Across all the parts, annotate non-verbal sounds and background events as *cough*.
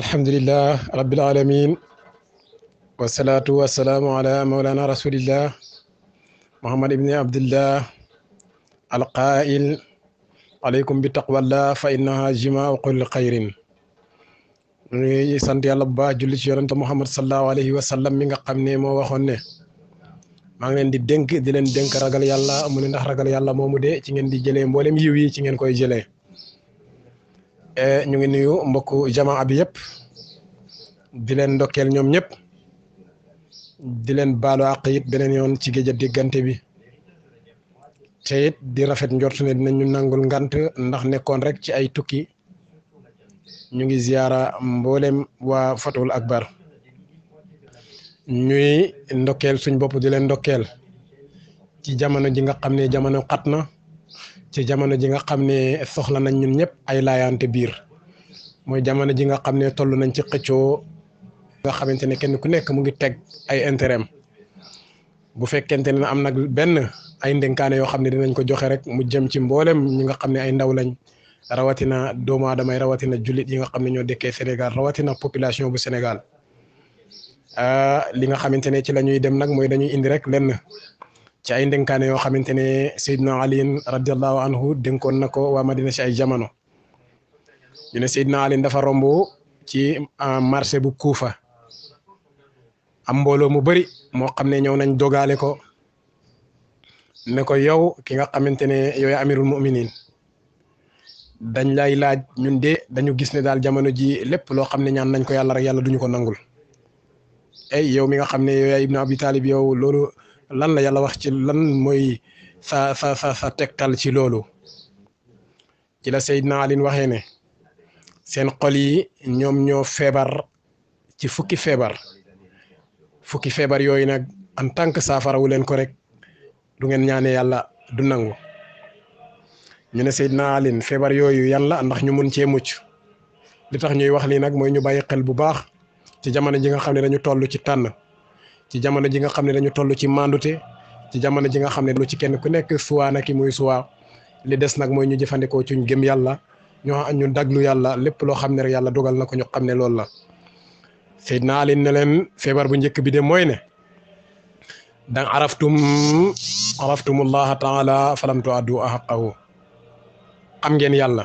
alhamdulilah rabbil alamin wasalaatu wasalaamu ala maulana rasulillah muhammad ibni abdillah alqail aleykum bi taqwallah fa innaha jimaau qul xayrin ñuy sant yàlla bu baax julli ci yonente muhammad salallahu alayhi wa sallam mi nga xam ne moo waxoon ne maa ngi leen di dénk di leen dénk ragal yàlla mu ne ndax ragal yàlla moomu de ci ngeen di jëlee mboolem yiw yi ci ngeen koy jëlee Eh, ñu ngi nuyu mbokku jama bi yëpp di leen ndokkeel ñoom ñëpp di leen baalu àq it beneen yoon ci géej diggante bi te di rafet njort ne dinañu nangul ngant ndax nekkoon rek ci ay tukki ñu ngi ziyaara mboolem waa Fatul Akbar ñuy ndokkeel suñ bopp di leen ndokkeel ci jamono ji nga xam ne jamono xat na. ci jamono ji nga xam ne soxla nañ ñun ñëpp ay laayante biir mooy jamono ji nga xam ne toll nañ ci xëccoo nga xamante ne kenn ku nekk mu ngi teg ay intérêt bu fekkente ne am nag benn ay ndénkaane yoo xam ne dinañ ko joxe rek mu jëm ci mboolem ñi nga xam ne ay ndaw lañ rawatina doomu aadama rawatina jullit yi nga xam ne ñoo dëkkee Sénégal rawatina population bu Sénégal ah, li nga xamante ne ci lañuy dem nag mooy dañuy indi rek lenn ci ay ndénkaane yoo xamante ne Seydina Aliin radiallahu anhu dénkoon na ko waa Madina ci ay jamono ñu ne Seydina Aliin dafa romb ci euh, marché bu Kuufa am mbooloo mu bari moo xam ne ñëw nañ dogaale ko ne ko yow ki nga xamante ne yow yaa amirul muminin dañ lay laaj ñun de dañu gis ne daal jamono ji lépp loo xam ne ñaan nañ ko yàlla rek yàlla duñu ko nangul ay yow mi nga xam ne yow yaa ibnu abi loolu lan la yàlla wax ci lan mooy sa sa sa sa ci loolu ci la Seydina Alin waxee ne seen xol yi ñoom ñoo feebar ci fukki feebar fukki feebar yooyu nag en tant que saafara wu leen ko rek du ngeen ñaane yàlla du nangu ñu ne Seydina Alin feebar yooyu yan la ndax ñu mun cee mucc li tax ñuy wax lii nag mooy ñu bàyyi xel bu baax ci jamono ji nga xam ne dañu toll ci tànn. ci jamono ji nga xam ne dañu toll ci mandute ci jamono ji nga xam ne lu ci kenn ku nekk suwaa na ki muy suwaa li des nag mooy ñu jëfandikoo ci ñu gëm yàlla ñoo ñu daglu yàlla lépp loo xam ne rek yàlla dogal na ko ñu xam ne loolu la Seydina Ali ne leen feebar bu njëkk bi de mooy ne dang araftum araftumullaha taala falam tuaddu ahaqahu xam ngeen yàlla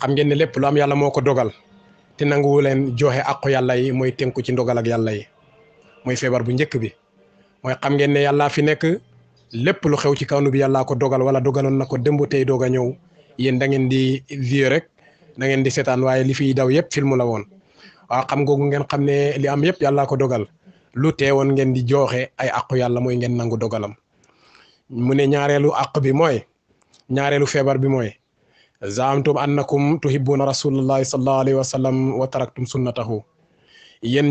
xam ngeen ne lépp loo am yàlla moo ko dogal te nanguwu leen joxe àqu yàlla yi mooy tenku ci ndogal ak yàlla yi mooy feebar bu njëkk bi mooy xam ngeen ne yàllaa fi nekk lépp lu xew ci kawnu bi yàllaa ko dogal wala dogaloon na ko démb tey doog a ñëw yéen da ngeen di vieux rek da di seetaan waaye li fiy daw yëpp film la woon waaw xam googu ngeen xam ne li am yëpp yàllaa ko dogal lu teewoon ngeen di jooxe ay àqu yàlla mooy ngeen nangu dogalam mu ne ñaareelu àq bi mooy ñaareelu feebar bi mooy zaamtum annakum tuhibbuuna rasulallahi sallallahu alayhi wa sallam wa taraktum sunnatahu yéen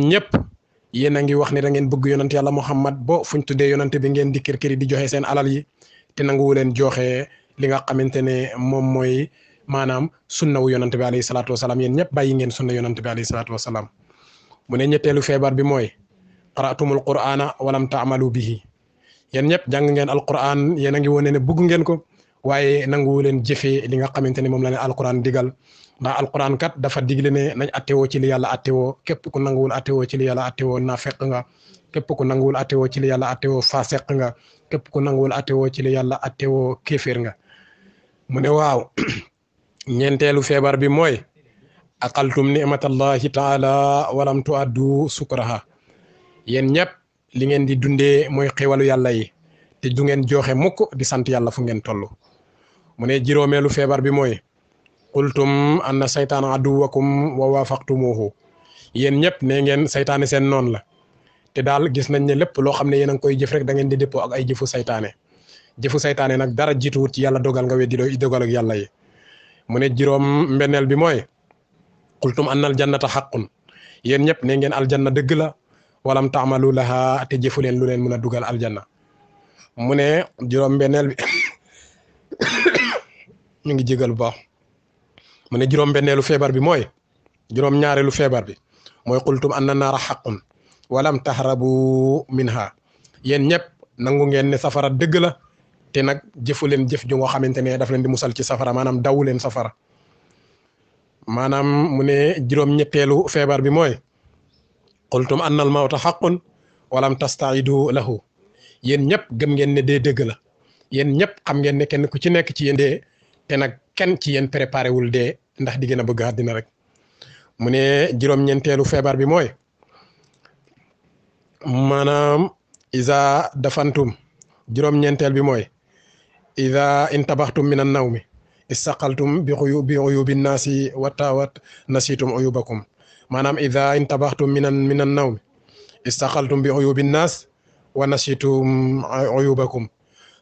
yéen a ngi wax ne da ngeen bëgg yonent yàlla Muhammad bo fuñ tuddee yonent bi ngeen di kër këri di joxe seen alal yi te nanguwu leen joxe li nga xamante ne moom mooy maanaam sunna wu yonent bi alayhi salaatu wa salaam yéen ñëpp bàyyi ngeen sunna yonent bi alayhi salaatu wa salaam mu ne ñetteelu feebar bi mooy qaraatumul quraana walam taamalu bihi yen ñëpp jàng ngeen alquran yéen a ngi wone ne bëgg ngeen ko. waye nanguwu len jeffe li nga xamanteni mom la ni alquran digal ndax alquran kat dafa digle ne nañ atewo ci li yalla atewo kep ku nanguwul atewo ci li yalla atewo naa nga kep ku nanguwul atewo ci li yalla atewo fasiq nga kep ku nanguwul atewo ci li yalla atewo kafir nga mune ne *clears throat* ñentelu febar bi moy aqaltum nimatallahi taala walam lam tu'addu sukraha yen ñep li ngeen di dundé moy xewalu yalla yi te du ngeen joxe mukk di sant yalla fu ngeen tollu mune jiromelu febar bi moy qultum anna shaytan aduwakum wa wawa yen ñep ne ngeen saytaane sen non la te dal gis nañ ne lepp lo xam ne yéen koy jëf rek da ngeen di dëppoo ak ay jëfu shaytané jëfu shaytané nak dara wut ci yalla dogal nga weddi doo dogal ak yalla yi mune jirom mbennel bi moy qultum annal jannata haqqun yen ñep ne ngeen aljanna deug la walam ta'malu laha te jëfu len lu len mëna dugal aljanna mune jirom mbennel bi ñu ngi jégal bu mu ne juróom-benneelu feebar bi mooy juróom-ñaareelu feebar bi mooy qultum anna naara xaqun walam tahrabu minha yéen ñëpp nangu ngeen ne safara dëgg la te nag jëfu leen jëf ju nga xamante ne daf leen di musal ci safara maanaam dawu leen safara maanaam mu ne juróom-ñetteelu feebar bi mooy qultum anna al mawta xaqun walam tastaidu laxu yéen ñëpp gëm ngeen ne dee dëgg la yéen ñëpp xam ngeen ne kenn ku ci nekk ci yéen dee te nag kenn ci yéen préparé wul dee ndax di gën a bëgg àddina rek mu ne juróom-ñeenteelu feebar bi mooy maanaam isa dafantum juróom-ñeenteel bi mooy ida intabaxtum min an naw mi istaqaltum bi xuyu bi uyubi naasi wattawat nasitum uyubakum maanaam ida intabaxtum min an min an naw mi istaqaltum bi uyubi naas wa nasitum uyubakum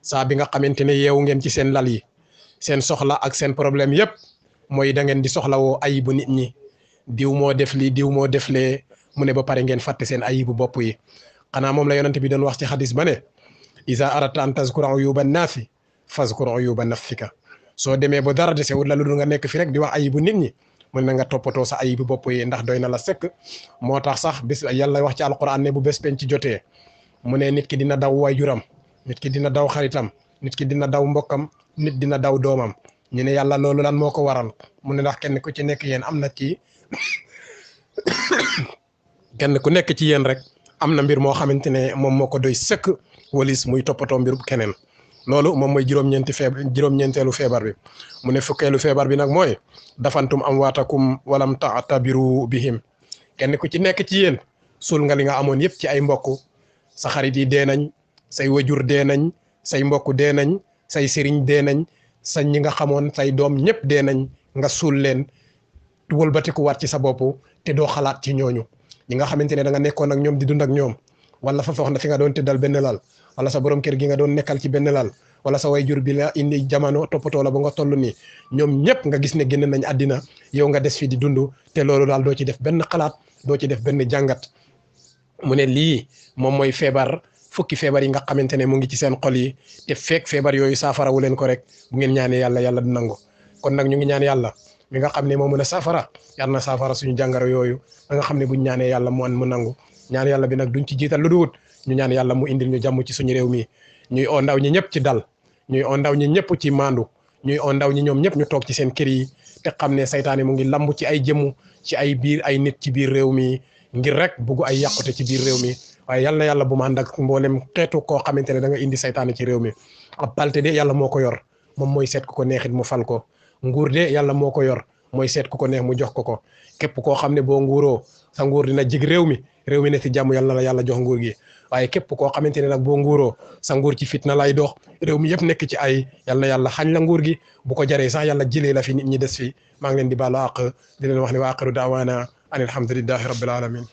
saa bi nga xamante ne yeewu ngeen ci seen lal yi seen soxla ak seen problème yëpp mooy da ngeen di soxlawoo ayibu nit ñi diw moo def lii diw moo def lee mu ne ba pare ngeen fàtte seen ayibu bopp yi xanaa moom la yonent bi doon wax ci xadis ba ne isa arata an tazkura uyuba naasi fazkur fi ka soo demee ba dara dese wut la lu dul nga nekk fi rek di wax ayibu nit ñi mën na nga toppatoo sa ayibu bopp yi ndax doy na la sekk moo tax sax bés yàlla wax ci alquran ne bu bés penc ci jotee mu ne nit ki dina daw waajuram nit nit ki dina daw mbokkam nit dina daw doomam ñu ne yàlla loolu lan moo ko waral mu ne ndax kenn ku ci nekk yéen am na ci *coughs* kenn ku nekk ci yéen rek am na mbir moo xamante ne moom moo ko doy sëkk walis muy toppatoo mbirub keneen loolu moom mooy juróom-ñeenti feebar juróom feebar bi mu ne fukkeelu feebar bi nag mooy dafantum am waatakum walam taatabiru bihim kenn ku ci nekk ci yéen suul nga li nga amoon yëpp ci ay mbokku sa xarit yi dee nañ say wajur dee nañ say mbokku dee nañ say sëriñ dee nañ sa ñi nga xamoon say doom ñëpp dee nañ nga suul leen wëlbatiku waat ci sa bopp te doo xalaat ci ñooñu ñi nga xamante ne da nga nekkoon ak ñoom di dund ak ñoom wala fa foox na fi nga doon tëddal benn laal wala sa borom kër gi nga doon nekkal ci benn laal wala sa way jur bi la indi jamono toppatoo la ba nga toll nii ñoom ñëpp nga gis ne génn nañ àddina yow nga des fi di dund te loolu daal doo ci def benn xalaat doo ci def benn jàngat mu ne lii moom mooy feebar fukki feebar yi nga xamante ne mu ngi ci seen xol yi te fekk feebar yooyu saafara wu leen ko rek bu ngeen ñaanee yàlla yàlla du nangu kon nag ñu ngi ñaan yàlla mi nga xam ne moom mën a saafara yàlla na suñu jàngaro yooyu ba nga xam ne buñ ñaanee yàlla mu mu nangu ñaan yàlla bi nag duñ ci jiital lu duwut ñu ñaan yàlla mu indi ñu jàmm ci suñu réew mi ñuy o ndaw ñi ñëpp ci dal ñuy oo ndaw ñi ñëpp ci maandu ñuy oo ndaw ñi ñoom ñëpp ñu toog ci seen kër yi te xam ne saytaane mu ngi lamb ci ay jëmm ci ay biir ay nit ci biir réew mi ngir rek bugg ay yàqute ci biir réew mi waaye yal na yàlla bu ma ànd ak mboolem xeetu koo xamante ne da indi saytaane ci réew mi ab palte de yàlla moo ko yor moom mooy seet ku ko neexit mu fal ko nguur de yàlla moo ko yor mooy seet ku ko neex mu jox ko ko képp koo xam ne boo nguuroo sa nguur dina jig réew mi réew mi ne ci jàmm yal la yàlla jox nguur gi waaye képp koo xamante ne nag boo nguuroo sa nguur ci fitna lay dox réew mi yëpp nekk ci ay yal na yàlla xañ la nguur gi bu ko jaree sax yàlla jëlee la fi nit ñi des fi maa ngi leen di baalu àq di leen wax ne wa aqiru daawaana an alhamdulillahi rabbil alamin